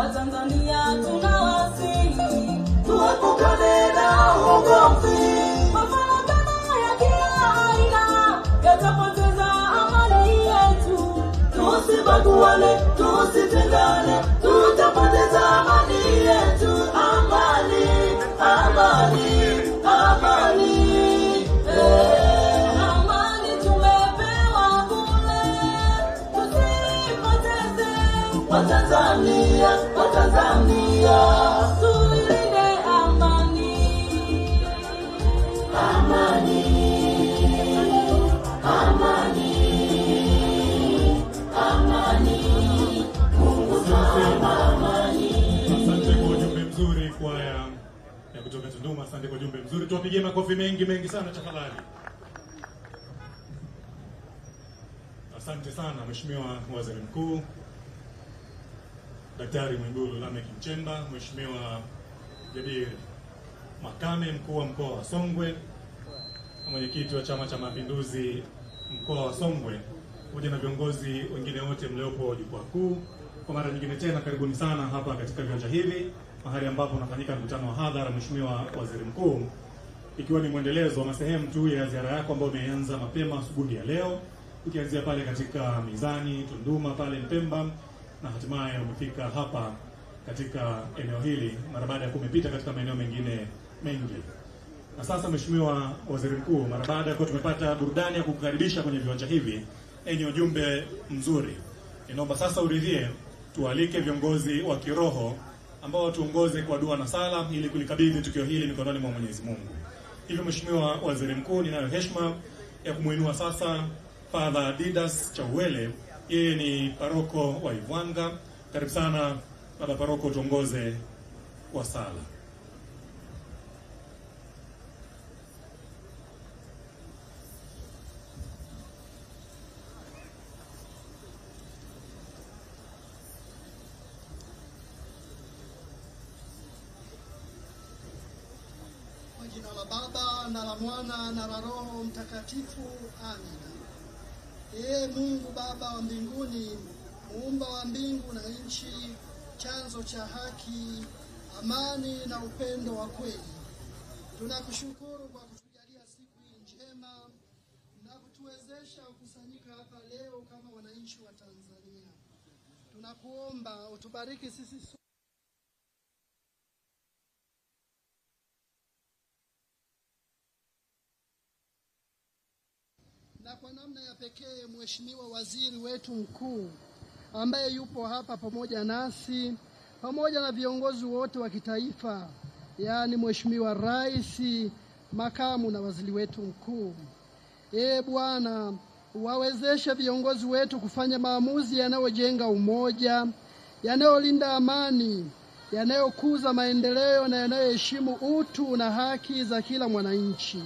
Watanzania tunawasihi tuepukane na ugomvi, mafarakano ya kila aina yatapoteza amani yetu. Tusibaguane, tusitengane, tutapoteza amani Tunduma, asante kwa jumbe mzuri, tuwapigie makofi mengi mengi sana tafadhali. Asante sana Mheshimiwa Waziri Mkuu Daktari Mwigulu Lameck Nchemba, Mheshimiwa Jabir Makame, mkuu wa mkoa wa Songwe na mwenyekiti wa Chama cha Mapinduzi mkoa wa Songwe, pamoja na viongozi wengine wote mliopo jukwaa kuu, kwa mara nyingine tena karibuni sana hapa katika viwanja hivi mahali ambapo unafanyika mkutano wa hadhara, Mheshimiwa Waziri Mkuu, ikiwa ni mwendelezo ama sehemu tu ya ziara yako ambayo umeanza mapema asubuhi ya leo, ukianzia pale katika Mizani, Tunduma, pale Mpemba na hatimaye umefika hapa katika eneo hili mara baada ya kumepita katika maeneo mengine mengi. Na sasa, Mheshimiwa Waziri Mkuu, mara baada ya kuwa tumepata burudani ya kukukaribisha kwenye viwanja hivi yenye ujumbe mzuri, inaomba sasa uridhie tualike viongozi wa kiroho ambao tuongoze kwa dua na sala ili kulikabidhi tukio hili mikononi mwa Mwenyezi Mungu. Hivyo Mheshimiwa Waziri Mkuu, ninayo heshima ya kumwinua sasa Father Didas Chauwele, yeye ni paroko wa Ivwanga. Karibu sana baba paroko, tuongoze kwa sala. na la Mwana na la Roho Mtakatifu. Amina. Ee Mungu Baba wa mbinguni, muumba wa mbingu na nchi, chanzo cha haki, amani na upendo wa kweli, tunakushukuru kwa kutujalia siku hii njema na kutuwezesha kukusanyika hapa leo kama wananchi wa Tanzania. Tunakuomba utubariki sisi pekee Mheshimiwa Waziri wetu mkuu ambaye yupo hapa pamoja nasi pamoja na viongozi wote wa kitaifa, yaani Mheshimiwa Rais, makamu na waziri wetu mkuu. Ee Bwana, wawezeshe viongozi wetu kufanya maamuzi yanayojenga umoja, yanayolinda amani, yanayokuza maendeleo na yanayoheshimu utu na haki za kila mwananchi.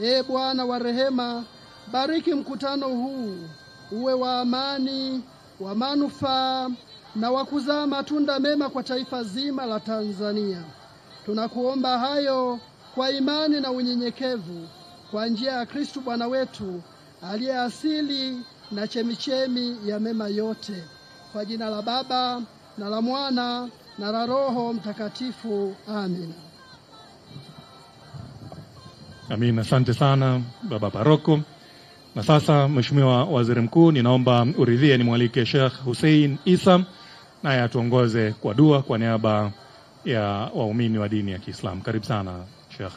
Ee Bwana wa rehema Bariki mkutano huu uwe wa amani, wa manufaa na wa kuzaa matunda mema kwa taifa zima la Tanzania. Tunakuomba hayo kwa imani na unyenyekevu kwa njia ya Kristo Bwana wetu aliye asili na chemichemi ya mema yote. Kwa jina la Baba na la Mwana na la Roho Mtakatifu. amina Amina. Asante sana Baba Paroko. Na sasa, Mheshimiwa Waziri Mkuu, ninaomba uridhie nimwalike Sheikh Hussein isa naye atuongoze kwa dua kwa niaba ya waumini wa dini ya Kiislamu. Karibu sana Sheikh.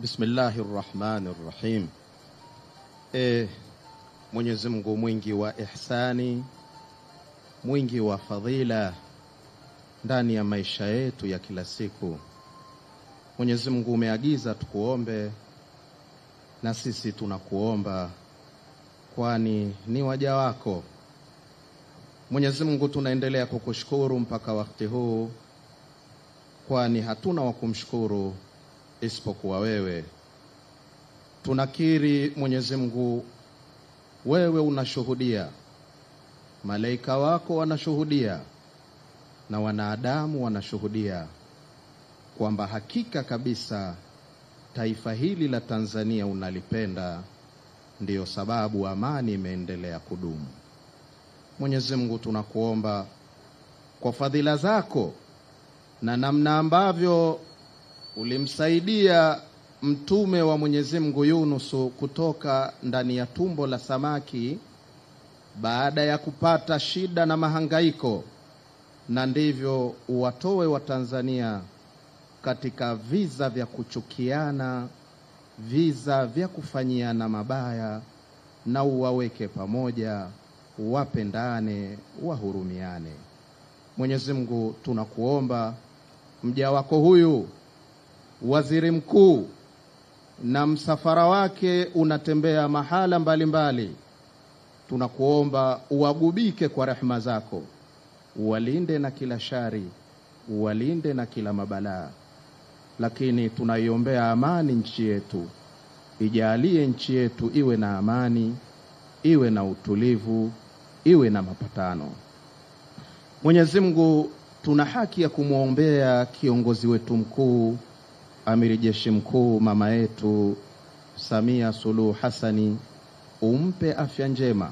Bismillahir Rahmanir Rahim. E, Mwenyezi Mungu mwingi wa ihsani, mwingi wa fadhila ndani ya maisha yetu ya kila siku. Mwenyezi Mungu umeagiza tukuombe, na sisi tunakuomba, kwani ni waja wako. Mwenyezi Mungu, tunaendelea kukushukuru mpaka wakati huu, kwani hatuna wa kumshukuru isipokuwa wewe. Tunakiri Mwenyezi Mungu, wewe unashuhudia, malaika wako wanashuhudia na wanadamu wanashuhudia kwamba hakika kabisa taifa hili la Tanzania unalipenda, ndiyo sababu amani imeendelea kudumu. Mwenyezi Mungu, tunakuomba kwa fadhila zako na namna ambavyo ulimsaidia mtume wa Mwenyezi Mungu Yunusu kutoka ndani ya tumbo la samaki baada ya kupata shida na mahangaiko na ndivyo uwatoe Watanzania katika viza vya kuchukiana, viza vya kufanyiana mabaya, na uwaweke pamoja, wapendane, wahurumiane. Mwenyezi Mungu, tunakuomba mja wako huyu waziri mkuu na msafara wake unatembea mahala mbalimbali, tunakuomba uwagubike kwa rehema zako uwalinde na kila shari, uwalinde na kila mabalaa. Lakini tunaiombea amani nchi yetu, ijalie nchi yetu iwe na amani, iwe na utulivu, iwe na mapatano. Mwenyezi Mungu, tuna haki ya kumwombea kiongozi wetu mkuu, amiri jeshi mkuu, mama yetu Samia Suluhu Hassani, umpe afya njema,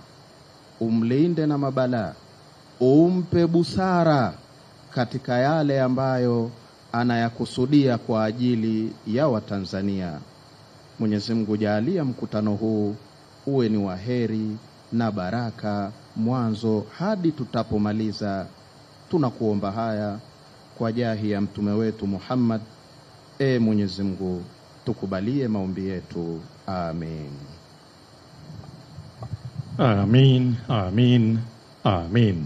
umlinde na mabalaa umpe busara katika yale ambayo anayakusudia kwa ajili ya Watanzania. Mwenyezi Mungu jaalia mkutano huu uwe ni waheri na baraka mwanzo hadi tutapomaliza. Tunakuomba haya kwa jahi ya mtume wetu Muhammad. E Mwenyezi Mungu, tukubalie maombi yetu. Amin, amin, amin, amin.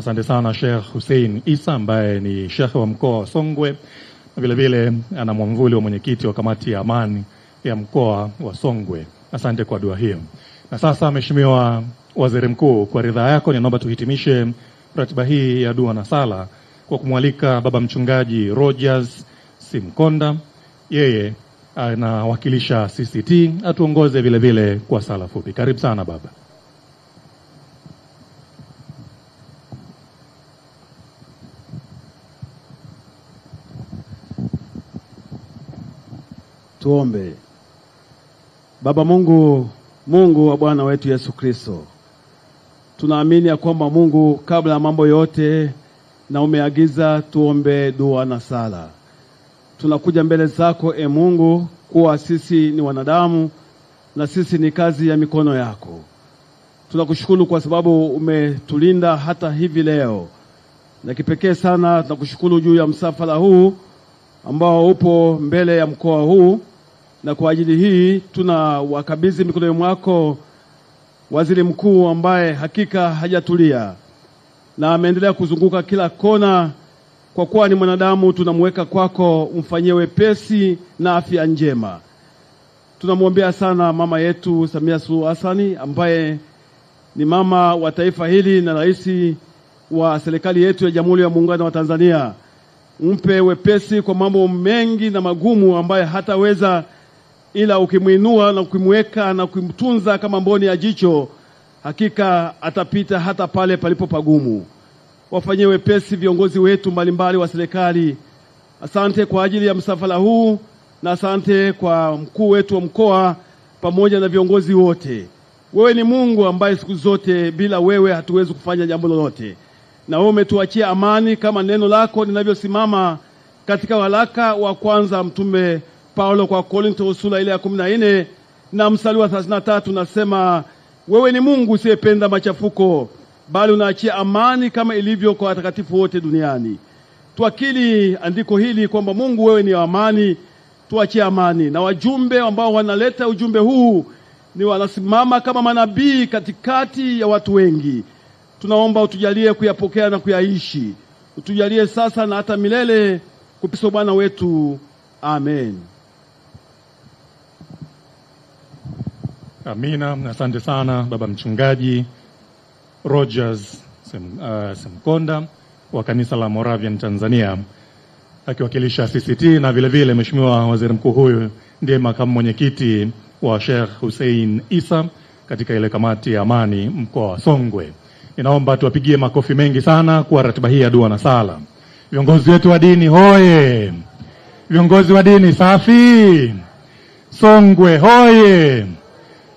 Asante sana Sheikh Hussein Isa ambaye ni shekhe wa mkoa wa Songwe na vile vile ana mwamvuli wa mwenyekiti wa kamati ya amani ya mkoa wa Songwe. Asante kwa dua hiyo. Na sasa, Mheshimiwa Waziri Mkuu, kwa ridhaa yako ninaomba tuhitimishe ratiba hii ya dua na sala kwa kumwalika Baba Mchungaji Rogers Simkonda, yeye anawakilisha CCT, atuongoze vile vile kwa sala fupi. Karibu sana baba. Tuombe. Baba Mungu, Mungu wa Bwana wetu Yesu Kristo, tunaamini ya kwamba Mungu, kabla ya mambo yote, na umeagiza tuombe dua na sala. Tunakuja mbele zako, e Mungu, kuwa sisi ni wanadamu na sisi ni kazi ya mikono yako. Tunakushukuru kwa sababu umetulinda hata hivi leo, na kipekee sana tunakushukuru juu ya msafara huu ambao upo mbele ya mkoa huu na kwa ajili hii tuna wakabidhi mikononi mwako waziri mkuu ambaye hakika hajatulia na ameendelea kuzunguka kila kona. Kwa kuwa ni mwanadamu, tunamweka kwako, mfanyie wepesi na afya njema. Tunamwombea sana mama yetu Samia Suluhu Hassan ambaye ni mama wa taifa hili na rais wa serikali yetu ya Jamhuri ya Muungano wa Tanzania. Mpe wepesi kwa mambo mengi na magumu ambaye hataweza ila ukimwinua na ukimweka na ukimtunza kama mboni ya jicho, hakika atapita hata pale palipo pagumu. Wafanyie wepesi viongozi wetu mbalimbali wa serikali. Asante kwa ajili ya msafara huu na asante kwa mkuu wetu wa mkoa pamoja na viongozi wote. Wewe ni Mungu ambaye siku zote, bila wewe hatuwezi kufanya jambo lolote, na wewe umetuachia amani kama neno lako linavyosimama katika waraka wa kwanza mtume Paulo kwa Korinto sura ile ya kumi na nne na mstari wa thelathini na tatu nasema, wewe ni Mungu usiyependa machafuko, bali unaachia amani kama ilivyo kwa watakatifu wote duniani. Tuakili andiko hili kwamba Mungu wewe ni amani, tuachie amani. Na wajumbe ambao wanaleta ujumbe huu ni wanasimama kama manabii katikati ya watu wengi. Tunaomba utujalie kuyapokea na kuyaishi, utujalie sasa na hata milele, kupiso Bwana wetu, amen. Amina, asante sana baba mchungaji Rogers Sem, uh, Semkonda wa kanisa la Moravian Tanzania akiwakilisha CCT na vilevile mheshimiwa waziri mkuu huyu ndiye makamu mwenyekiti wa Sheikh Hussein Isa katika ile kamati ya amani mkoa wa Songwe. Ninaomba tuwapigie makofi mengi sana kwa ratiba hii ya dua na sala. Viongozi wetu wa dini hoye! Viongozi wa dini safi! Songwe hoye!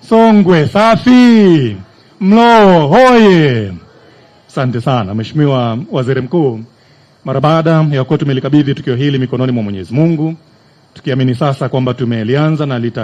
Songwe safi! Mloo hoye! Asante sana Mheshimiwa Waziri Mkuu, mara baada ya kuwa tumelikabidhi tukio hili mikononi mwa Mwenyezi Mungu, tukiamini sasa kwamba tumelianza na lita